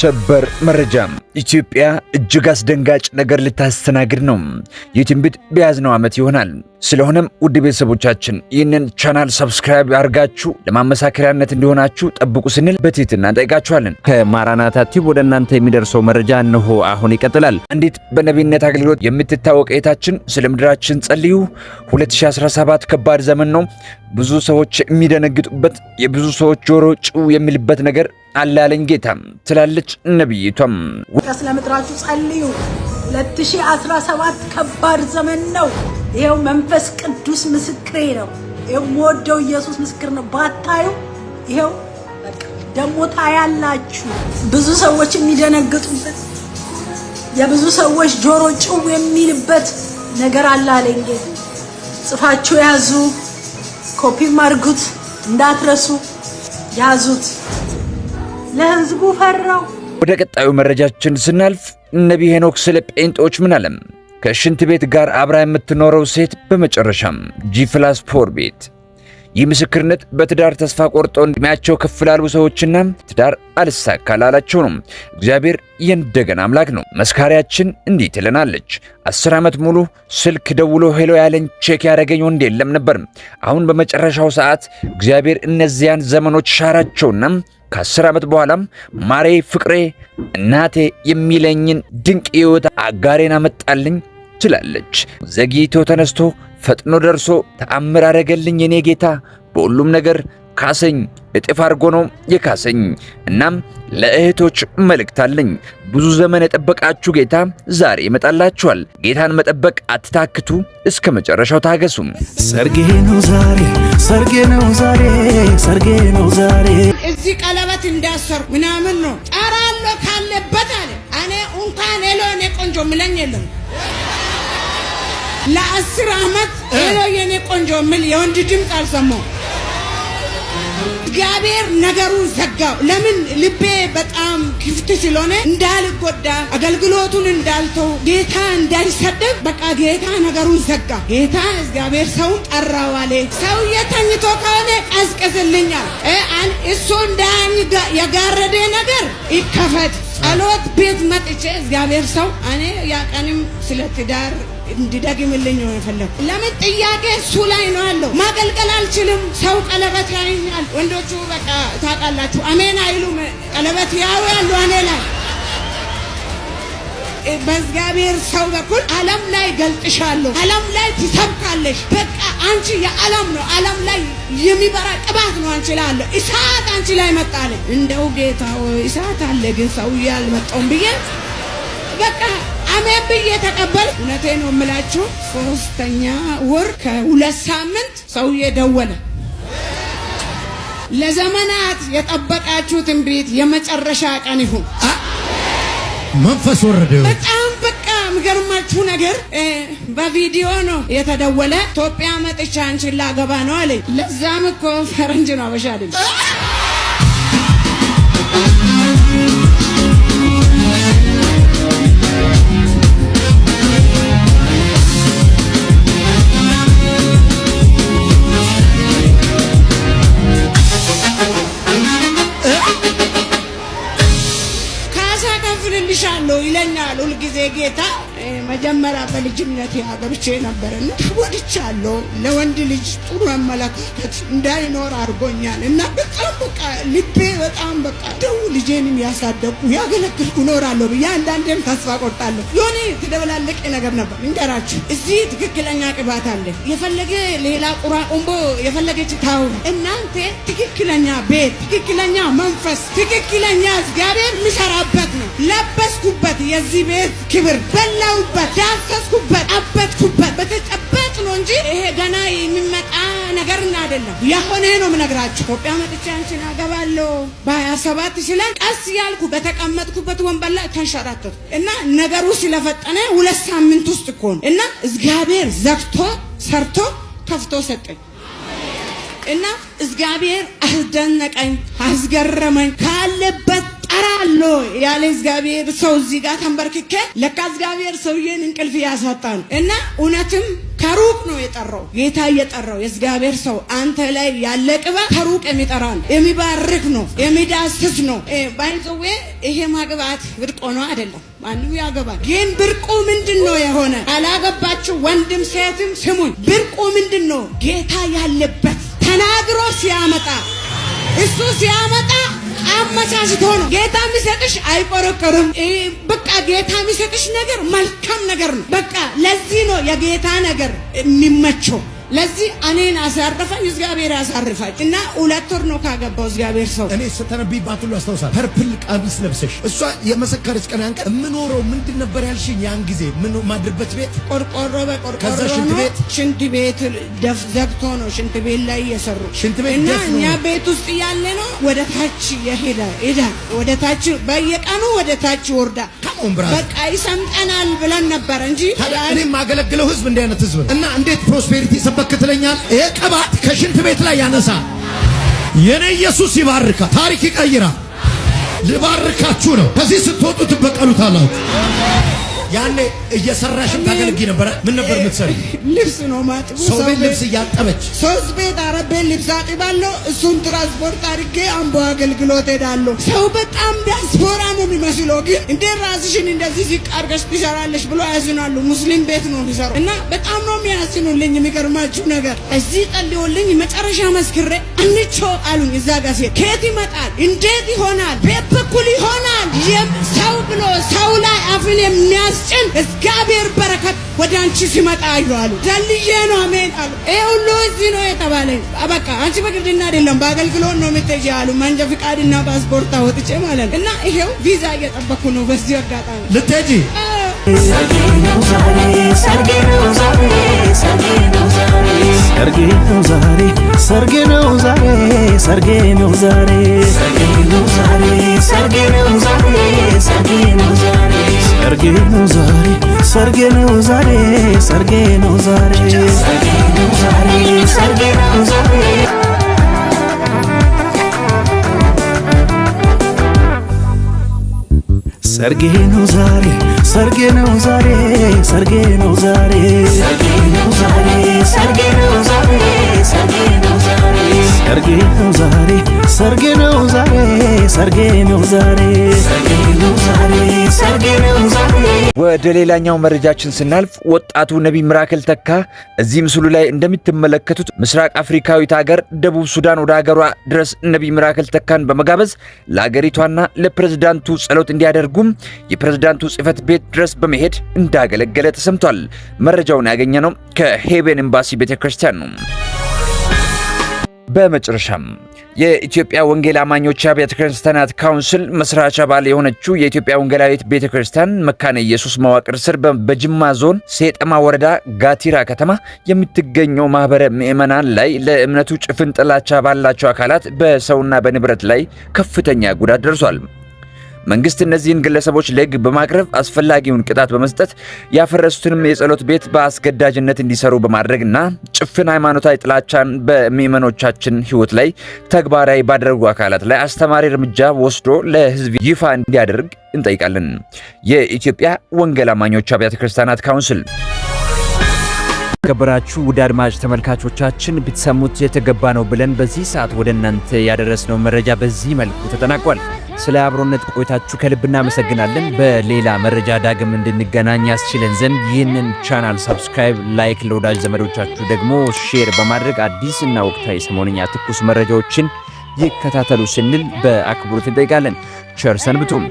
ሰበር መረጃ ኢትዮጵያ እጅግ አስደንጋጭ ነገር ልታስተናግድ ነው። ይህ ትንቢት በያዝነው ዓመት ይሆናል። ስለሆነም ውድ ቤተሰቦቻችን ይህንን ቻናል ሰብስክራይብ አድርጋችሁ ለማመሳከሪያነት እንዲሆናችሁ ጠብቁ ስንል በትህትና እንጠይቃችኋለን። ከማራናታ ቲዩብ ወደ እናንተ የሚደርሰው መረጃ እነሆ አሁን ይቀጥላል። እንዴት በነቢይነት አገልግሎት የምትታወቅ እህታችን ስለ ምድራችን ጸልዩ። 2017 ከባድ ዘመን ነው። ብዙ ሰዎች የሚደነግጡበት የብዙ ሰዎች ጆሮ ጭው የሚልበት ነገር አላለኝ ጌታ ትላለች ነቢይቷም ምድራችሁ ጸልዩ 2017 ከባድ ዘመን ነው። ይኸው መንፈስ ቅዱስ ምስክሬ ነው። ይኸው የምወደው ኢየሱስ ምስክር ነው። ባታዩ ይኸው ደግሞ ታያላችሁ። ብዙ ሰዎች የሚደነግጡበት የብዙ ሰዎች ጆሮ ጭው የሚልበት ነገር አለ አለኝ። ጽፋችሁ ያዙ፣ ኮፒም አድርጉት እንዳትረሱ፣ ያዙት። ለህዝቡ ፈራው። ወደ ቀጣዩ መረጃችን ስናልፍ ነቢ ሄኖክ ስለ ጴንጤዎች ምን አለም? ከሽንት ቤት ጋር አብራ የምትኖረው ሴት በመጨረሻም ጂፍላስፖር ቤት። ይህ ምስክርነት በትዳር ተስፋ ቆርጠው ዕድሜያቸው ከፍ ላሉ ሰዎችና ትዳር አልሳካ ላላቸው ነው። እግዚአብሔር የእንደገና አምላክ ነው። መስካሪያችን እንዲህ ትለናለች። አስር ዓመት ሙሉ ስልክ ደውሎ ሄሎ ያለኝ ቼክ ያደረገኝ ወንድ የለም ነበር። አሁን በመጨረሻው ሰዓት እግዚአብሔር እነዚያን ዘመኖች ሻራቸውና ከአስር ዓመት በኋላም ማሬ ፍቅሬ እናቴ የሚለኝን ድንቅ ሕይወት አጋሬን አመጣልኝ ችላለች። ዘግይቶ ተነስቶ ፈጥኖ ደርሶ ተአምር አረገልኝ የኔ ጌታ በሁሉም ነገር ካሰኝ እጥፍ አድርጎ ነው የካሰኝ። እናም ለእህቶች መልእክት አለኝ። ብዙ ዘመን የጠበቃችሁ ጌታ ዛሬ ይመጣላችኋል። ጌታን መጠበቅ አትታክቱ፣ እስከ መጨረሻው ታገሱም። ሰርጌ ነው ዛሬ፣ ሰርጌ ነው ዛሬ፣ ሰርጌ ነው ዛሬ። እዚህ ቀለበት እንዳሰርኩ ምናምን ነው ጠራሎ ካለበት አለ እኔ እንኳን ሄሎ እኔ ቆንጆ ምለኝ የለም ለአስር ዓመት ሄሎ የኔ ቆንጆ ምል የወንድ ድምፅ አልሰማው እግዚአብሔር ነገሩን ዘጋው። ለምን ልቤ በጣም ክፍት ስለሆነ እንዳልጎዳ አገልግሎቱን እንዳልተው ጌታ እንዳልሰደብ በቃ ጌታ ነገሩን ዘጋ። ጌታ እግዚአብሔር ሰውን ጠራው አለ። ሰው የተኝቶ ከሆነ ቀዝቅዝልኛል። እሱ እንዳን የጋረደ ነገር ይከፈት። ጸሎት ቤት መጥቼ እግዚአብሔር ሰው እኔ ያቀንም ስለ ትዳር እንዲደግምልኝ ነው የፈለኩ። ለምን ጥያቄ እሱ ላይ ነው አለው። ማገልገል አልችልም። ሰው ቀለበት ያይኛል። ወንዶቹ በቃ ታውቃላችሁ፣ አሜን አይሉም። ቀለበት ያው ያሉ እኔ ላይ በእግዚአብሔር ሰው በኩል ዓለም ላይ ገልጥሻለሁ፣ ዓለም ላይ ትሰብካለሽ። በቃ አንቺ የዓለም ነው፣ ዓለም ላይ የሚበራ ቅባት ነው አንቺ ላይ አለ። እሳት አንቺ ላይ መጣለ። እንደው ጌታ እሳት አለ ግን ሰውዬ አልመጣውም ብዬ በቃ አሜን ብዬ ተቀበል። እውነቴ ነው የምላችሁ። ሶስተኛ ወር ከሁለት ሳምንት ሰውዬ ደወለ። ለዘመናት የጠበቃችሁ ትንቢት የመጨረሻ ቀን ይሁን። መንፈስ ወረደ። በጣም በቃ የሚገርማችሁ ነገር በቪዲዮ ነው የተደወለ። ኢትዮጵያ መጥቻ አንቺን ላገባ ነው አለኝ። ለዛም እኮ ፈረንጅ ነው አበሻ tá? መጀመሪያ በልጅነት አገብቼ ነበርና ወድቻለሁ። ለወንድ ልጅ ጥሩ አመለካከት እንዳይኖር አድርጎኛል እና በጣም በቃ ልቤ በጣም በቃ ደው ልጄንም ያሳደግኩ ያገለግልኩ እኖራለሁ ብዬ አንዳንዴም ተስፋ ቆርጣለሁ። የሆነ ትደበላለቅ ነገር ነበር እንገራችሁ። እዚህ ትክክለኛ ቅባት አለ። የፈለገ ሌላ ቁራ ቁንቦ የፈለገች ታው እናንተ ትክክለኛ ቤት፣ ትክክለኛ መንፈስ፣ ትክክለኛ እግዚአብሔር የሚሰራበት ነው። ለበስኩበት የዚህ ቤት ክብር በላው ያየሁበት፣ ያዘዝኩበት፣ አበትኩበት በተጨበጥ ነው እንጂ ይሄ ገና የሚመጣ ነገር እና አይደለም። የሆነ ነው የምነግራችሁ። ኢትዮጵያ መጥቼ አንቺን አገባለሁ በሀያ ሰባት ሲለኝ ቀስ ያልኩ በተቀመጥኩበት ወንበር ላይ ተንሸራተትኩ እና ነገሩ ስለፈጠነ ሁለት ሳምንት ውስጥ እኮ ነው እና እግዚአብሔር ዘግቶ ሰርቶ ከፍቶ ሰጠኝ እና እግዚአብሔር አስደነቀኝ፣ አስገረመኝ ካለ ጠራሎ ያለ እግዚአብሔር ሰው እዚህ ጋር ተንበርክኬ ለካ እግዚአብሔር ሰውዬን እንቅልፍ እያሳጣ ነው። እና እውነትም ከሩቅ ነው የጠራው ጌታ እየጠራው የእግዚአብሔር ሰው አንተ ላይ ያለ ቅባ ከሩቅ የሚጠራ ነው፣ የሚባርክ ነው፣ የሚዳስስ ነው። ባይዘዌ ይሄ ማግባት ብርቆ ነው አይደለም፣ ማንም ያገባል። ግን ብርቁ ምንድን ነው የሆነ አላገባችሁ ወንድም ሴትም ስሙኝ፣ ብርቁ ምንድን ነው? ጌታ ያለበት ተናግሮ ሲያመጣ እሱ ሲያመጣ አመቻችቶ ነው። ጌታ የሚሰጥሽ አይቆረቆርም። በቃ ጌታ የሚሰጥሽ ነገር መልካም ነገር ነው። በቃ ለዚህ ነው የጌታ ነገር የሚመቸው። ለዚህ እኔን አሳረፈኝ፣ እግዚአብሔር ያሳርፋኝ። እና ሁለት ወር ነው ካገባው እግዚአብሔር ሰው እኔ ስተነብይባት ሁሉ አስታውሳለሁ። ፐርፕል ቀሚስ ለብሰሽ እሷ የመሰከረች ቀን ያንቀ የምኖረው ምንድን ነበር ያልሽኝ? ያን ጊዜ ምን ማድርበት ቤት ቆርቆሮ በቆርቆሮ ከዛ ሽንት ቤት ሽንት ቤት ደፍ ዘግቶ ነው ሽንት ቤት ላይ እየሰሩ ሽንት ቤት እና እኛ ቤት ውስጥ ያለ ነው። ወደ ታች የሄዳ ሄዳ ወደ ታች በየቀኑ ወደ ታች ወርዳ አያውቁም። በቃ ይሰምጠናል ብለን ነበር እንጂ እኔ የማገለግለው ህዝብ እንዲህ አይነት ህዝብ ነው። እና እንዴት ፕሮስፔሪቲ ሰበክ ትለኛል? ይሄ ቅባት ከሽንት ቤት ላይ ያነሳ የኔ ኢየሱስ ይባርካ፣ ታሪክ ይቀይራል። ልባርካችሁ ነው። ከዚህ ስትወጡ ትበቀሉታላችሁ። ያኔ እየሰራሽም ታገልጊ ነበረ። ምን ነበር የምትሰሪ? ልብስ ነው ማጥቡ። ሰው ቤት ልብስ እያጠበች ሶስት ቤት አራት ልብስ አጥባለሁ። እሱን ትራንስፖርት አድርጌ አምቦ አገልግሎት ሄዳለሁ። ሰው በጣም ዲያስፖራ ነው የሚመስለው፣ ግን እንዴት ራስሽን እንደዚህ ዝቅ አድርገሽ ትሰራለሽ ብሎ ያዝናሉ። ሙስሊም ቤት ነው የሚሰሩ እና በጣም ነው አስጭኑልኝ የሚቀርማችሁ ነገር እዚህ ጸልዩልኝ መጨረሻ መስክሬ እንቾ አሉኝ። እዛ ጋር ሴት ከየት ይመጣል? እንዴት ይሆናል? ቤት በኩል ይሆናል። ሰው ብሎ ሰው ላይ አፍን የሚያስጭን እግዚአብሔር በረከት ወደ አንቺ ሲመጣ አየዋሉ። ዘልዬ ነው አሜን አሉ። ይህ ሁሉ እዚህ ነው የተባለኝ። በቃ አንቺ በግድና አይደለም በአገልግሎት ነው የምትሄጂው አሉ። መንጃ ፍቃድና ፓስፖርት አወጥቼ ማለት ነው። እና ይሄው ቪዛ እየጠበኩ ነው። በዚህ አጋጣሚ ልትሄጂ ሰርጌ ነው ዛሬ ሰርጌ ነው ዛሬ ነው ነው ሰርጌ ነው ዛሬ ሰርጌ ነው ዛሬ ሰርጌ ነው ዛሬ ሰርጌ ነው ዛሬ ሰርጌ ነው ዛሬ ሰርጌ ነው ዛሬ ሰርጌ ነው ዛሬ ሰርጌ ነው ዛሬ ወደ ሌላኛው መረጃችን ስናልፍ ወጣቱ ነቢይ ምራክል ተካ እዚህ ምስሉ ላይ እንደምትመለከቱት ምስራቅ አፍሪካዊት ሀገር ደቡብ ሱዳን ወደ ሀገሯ ድረስ ነቢይ ምራክል ተካን በመጋበዝ ለሀገሪቷና ለፕሬዝዳንቱ ጸሎት እንዲያደርጉም የፕሬዝዳንቱ ጽህፈት ቤት ድረስ በመሄድ እንዳገለገለ ተሰምቷል። መረጃውን ያገኘ ነው ከሄቤን ኤምባሲ ቤተክርስቲያን ነው። በመጨረሻም የኢትዮጵያ ወንጌል አማኞች አብያተ ክርስቲያናት ካውንስል መስራች አባል የሆነችው የኢትዮጵያ ወንጌላዊት ቤተ ክርስቲያን መካነ ኢየሱስ መዋቅር ስር በጅማ ዞን ሴጠማ ወረዳ ጋቲራ ከተማ የምትገኘው ማህበረ ምዕመናን ላይ ለእምነቱ ጭፍን ጥላቻ ባላቸው አካላት በሰውና በንብረት ላይ ከፍተኛ ጉዳት ደርሷል። መንግስት እነዚህን ግለሰቦች ለግ በማቅረብ አስፈላጊውን ቅጣት በመስጠት ያፈረሱትንም የጸሎት ቤት በአስገዳጅነት እንዲሰሩ በማድረግና ጭፍን ሃይማኖታዊ ጥላቻን በምዕመኖቻችን ህይወት ላይ ተግባራዊ ባደረጉ አካላት ላይ አስተማሪ እርምጃ ወስዶ ለህዝብ ይፋ እንዲያደርግ እንጠይቃለን። የኢትዮጵያ ወንጌል አማኞች አብያተ ክርስቲያናት ካውንስል ከበራችሁ ውድ አድማጭ ተመልካቾቻችን ብትሰሙት የተገባ ነው ብለን በዚህ ሰዓት ወደ እናንተ ያደረስነው መረጃ በዚህ መልኩ ተጠናቋል። ስለ አብሮነት ቆይታችሁ ከልብ እናመሰግናለን። በሌላ መረጃ ዳግም እንድንገናኝ ያስችለን ዘንድ ይህንን ቻናል ሰብስክራይብ፣ ላይክ፣ ለወዳጅ ዘመዶቻችሁ ደግሞ ሼር በማድረግ አዲስ እና ወቅታዊ ሰሞንኛ ትኩስ መረጃዎችን ይከታተሉ ስንል በአክብሮት እንጠይቃለን። ቸር ሰንብቱም።